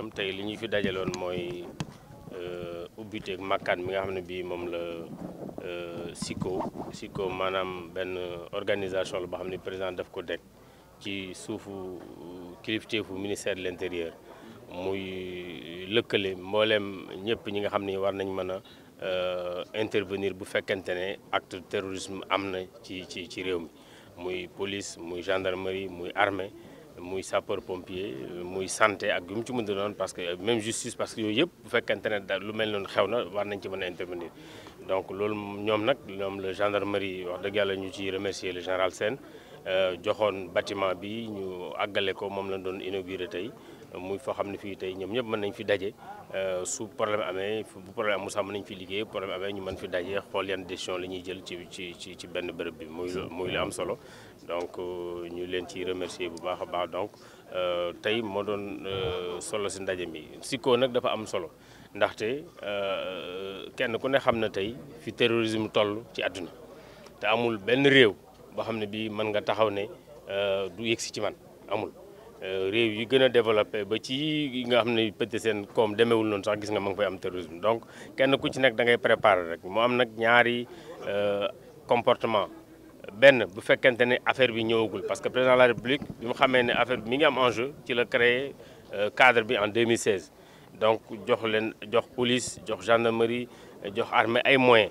itam tey li ñuy fi dajaloon mooy euh, ubbiteeg makkaan mi nga xam ne bii moom la euh, SICO SICO maanaam benn organisation la boo xam ne président daf ko deg ci suufu kilifteefu ministère de l'intérieur muy lëkkale mbooleem ñëpp ñi nga xam ne war nañ mën a euh, intervenir bu fekkente ne acte terrorisme am na ci ci ci réew mi muy police muy gendarmerie muy armée muy sapeur pompier euh, muy santé ak euh, même justice parce que ont fait lu intervenir donc nous gendarmerie remercier le général Sène Euh, joxoon batiment bi ñu àggale ko moom lañ doon inauguré tey muy foo xam ne fii tey ñoom ñëpp mën nañ fi daje euh, su problème amee bu problème am mu sax mën nañ fi liggéey problème amee ñu mën fi daje xool yan décision la ñuy jël ci ci ci ci benn bërëb bi muy muy lu am solo donc euh, ñu leen ci remercier bu baax a baax donc tey moo doon solo si ndaje mi sikkoo nag dafa am solo ndaxte kenn ku ne xam na tey fi terrorisme toll ci àdduna te amul benn réew boo xam ne bii nga taxaw ne euh, du yegg ci man amul euh, réew yi gën a développé ba ci nga xam ne peut-être seen koom demeewul noonu sax gis nga ma ngi fay am terrorisme donc kenn ku ci nekk da ngay préparer rek mu am nag ñaari euh, comportement benn bu fekkente ne affaire bi ñëwagul parce que président de la république bi mu xamee ne affaire bi mi ngi am enjeu ci la créé cadre bi en 2016 donc jox leen jox police jox gendarmerie jox armée ay moyens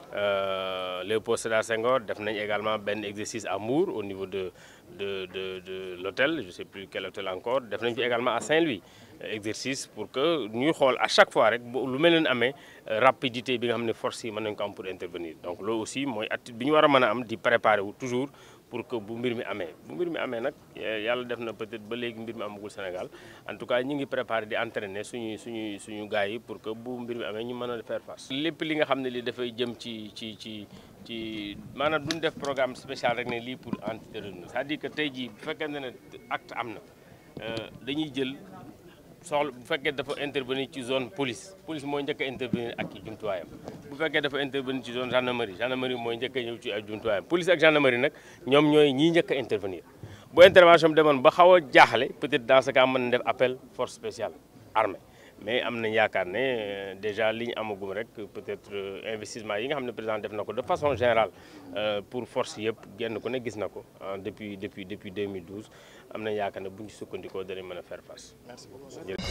Euh, Léopold Sédar Senghor def nañ également ben exercice à au niveau de de de de l'hôtel je sais plus quel hôtel encore def nañ également à Saint-Louis euh, exercice pour que nous xool à chaque fois rek lu même leen euh, rapidité bi nga xam force yi mën nañ ko am pour intervenir donc là aussi moi attitude bi ñu war a am di préparer toujours pour que bu mbir mi amé bu mbir mi amé nak yalla def na peut-être ba légui mbir mi amagul Sénégal en tout cas ñi ngi préparer di entraîner suñu suñu suñu gars yi pour que bu mbir mi amé ñu mëna faire face lépp li nga xamné li da fay jëm ci ci ci ci ci maanaam duñ def programme spécial rek ne lii pour antiterrorisme c'est-à-dire que tey jii bu fekkente ne acte am na euh, dañuy jël soxla bu fekkee dafa intervenir ci zone police police mooy njëkk a intervenir ak i jumtuwaayam bu fekkee dafa intervenir ci zone gendarmerie gendarmerie mooy njëkk a ñëw ci ay jumtuwaayam police ak gendarmerie nag ñoom ñooy ñii njëkk a intervenir bu intervention bi demoon ba xaw a jaaxle peut-être dans ce cas mën na appel force spéciale armée mais il y a déjà ligne à peut-être euh, investissement yi président de façon générale euh, pour force pour hein, depuis depuis depuis 2012 il y faire face. merci beaucoup